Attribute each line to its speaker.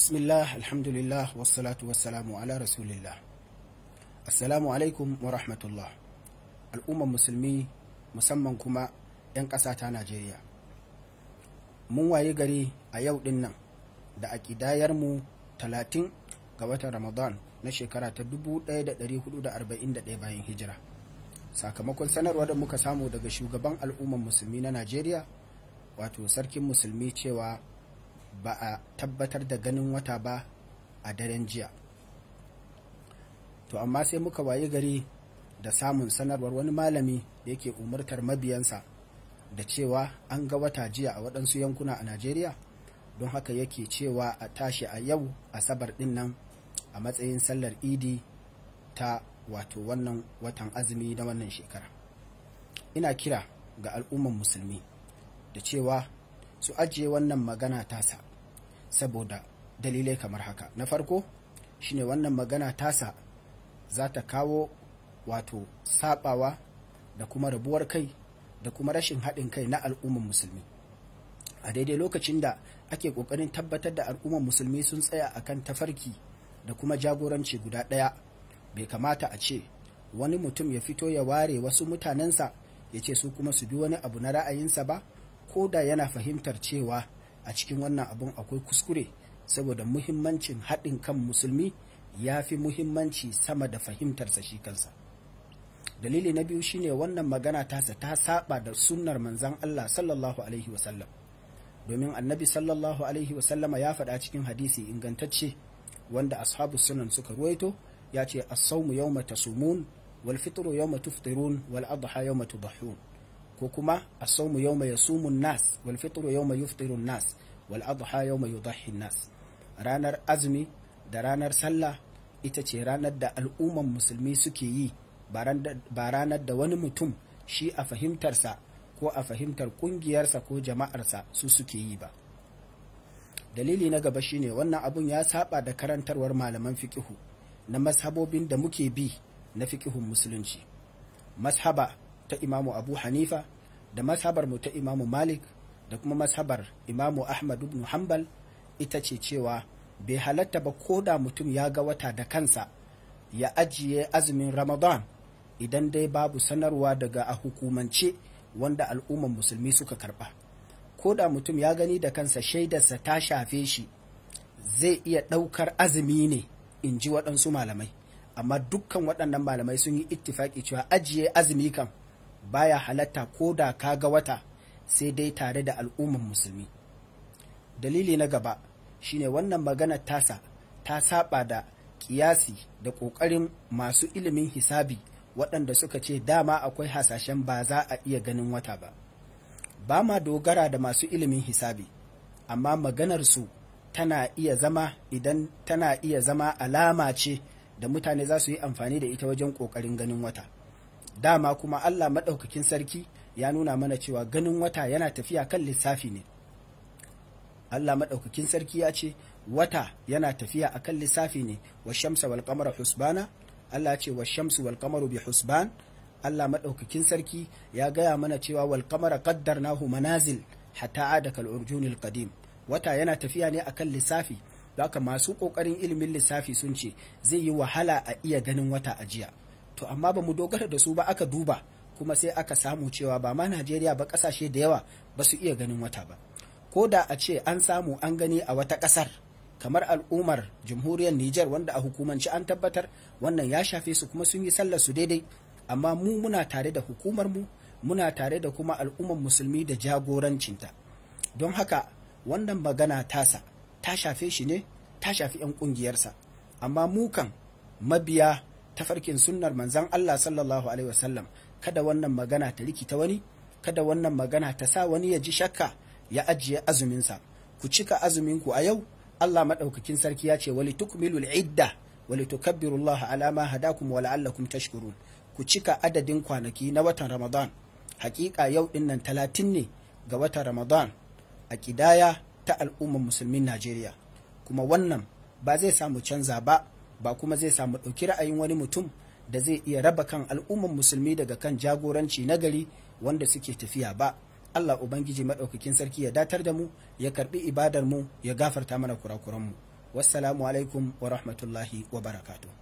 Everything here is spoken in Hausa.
Speaker 1: bismillah alhamdulillah wasu wassalamu ala rasulillah assalamu alaikum wa rahmatullah al'umman musulmi musamman kuma 'yan ƙasa ta najeriya mun waye gari a yau ɗin da a mu 30 ga watan ramadan na shekara ta 1441 bayan hijira sakamakon sanarwa da muka samu daga shugaban al'umman musulmi na najeriya wato sarkin musulmi cewa ba a tabbatar da ganin wata ba a daren jiya to amma sai muka wayi gari da samun sanarwar wani malami da yake umartar mabiyansa da cewa an ga wata jiya a waɗansu yankuna a najeriya don haka yake cewa a tashi a yau asabar din nan a matsayin sallar idi ta wato wannan watan azumi na wannan shekara ina kira ga al'umman musulmi da cewa su ajiye wannan magana tasa saboda dalilai kamar haka na farko shine wannan magana tasa za ta kawo wato sabawa da kuma rabuwar kai da kuma rashin haɗin kai na al'ummar musulmi a daidai lokacin da ake ƙoƙarin tabbatar da al'ummar musulmi sun tsaya a kan tafarki da kuma jagoranci guda ɗaya bai kamata a ce wani mutum ya fito ya ware wasu mutanensa ya ce su kuma su bi wani abu na ra'ayinsa ba ko da yana fahimtar cewa a cikin wannan abun akwai kuskure saboda muhimmancin haɗin kan musulmi ya fi muhimmanci sama da fahimtarsa shi kansa dalili na biyu shine wannan magana tasa ta saba da sunnar manzan Allah sallallahu alaihi wasallam domin annabi sallallahu alaihi wasallama ya faɗa cikin hadisi ingantacce wanda ashabu sunan suka ruwaito ya ce asaumu sawmu yawma tasumun wal fitru yawma tuftirun wal adha yawma tudhahun ko kuma a sawmu yau yasumu nas wal fitru yau mai an-nas wal adha yau mai an-nas ranar azumi da ranar sallah ita ce ranar da al'umman musulmi suke yi ba ranar da wani mutum shi a fahimtarsa ko a fahimtar kungiyarsa ko jama'arsa su suke yi ba dalili na gaba shine wannan abun ya saba da karantarwar malaman fikihu na mashabobin da muke bi na fikihun musulunci mashaba ta imamu abu hanifa da mashabar mu ta imamu malik da kuma mashabar imamu ahmad ibn hanbal ita ce cewa bai halatta ba ko da mutum ya ga wata da kansa ya ajiye azumin ramadan idan dai babu sanarwa daga a hukumance wanda al'ummar musulmi suka karba ko da mutum ya gani da kansa shaidarsa ta shafe shi zai iya ɗaukar azumi ne in ji waɗansu malamai amma dukkan waɗannan malamai sun yi ittifaki cewa ajiye azumi kan baya halatta ko da ka ga wata sai dai tare da al'umman musulmi dalili na gaba shine wannan magana tasa ta saba da kiyasi da ƙoƙarin masu ilimin hisabi waɗanda suka ce dama akwai hasashen ba za a iya ganin wata ba ba ma dogara da masu ilimin hisabi amma maganarsu tana iya zama idan tana iya zama alama ce da mutane za su yi amfani da ita wajen ƙoƙarin ganin wata. dama kuma Allah maɗaukakin sarki ya nuna mana cewa ganin wata yana tafiya kan lissafi ne Allah maɗaukakin sarki ya ce wata yana tafiya a kan lissafi ne wa shamsa wal qamara husbana Allah ce wa shamsu wal bi husban Allah maɗaukakin sarki ya gaya mana cewa wal kaddar nahu manazil hatta ada kal urjunil qadim wata yana tafiya ne akan lissafi haka masu kokarin ilimin lissafi sun ce zai yi wahala a iya ganin wata a jiya to amma ba mu dogara da su ba aka duba kuma sai aka samu cewa ba ma najeriya ba kasashe da yawa ba su iya ganin wata ba ko da a ce an samu an gani a wata kasar kamar al'ummar jamhuriyar niger wanda a hukumance an tabbatar wannan ya shafe su kuma sun yi sallar su daidai amma mu muna tare da hukumar mu muna tare da kuma al'ummar musulmi da jagorancinta don haka wannan magana tasa ta shafe shi ne ta shafi 'yan kungiyarsa amma mukan mabiya tafarkin sunnar manzan Allah sallallahu alaihi wasallam kada wannan magana ta rikita wani kada wannan magana ta sa wani ya ji shakka ya ajiye azuminsa ku cika azuminku a yau Allah maɗaukakin sarki ya ce wali tukmilul idda wali tukabbirullah alama ma hadakum wa la'allakum tashkurun ku cika adadin kwanaki na watan Ramadan hakika yau din talatin ne ga watan Ramadan a kidaya ta al'ummar musulmin Najeriya kuma wannan ba zai samu canza ba ba kuma zai samu ɗauki ra'ayin wani mutum da zai iya raba kan al'umman musulmi daga kan jagoranci nagari wanda suke tafiya ba Allah ubangiji maɗaukakin sarki ya datar da mu ya karbi ibadar mu ya gafarta mana kurakuran mu wassalamu alaikum wa rahmatullahi wa barakatuh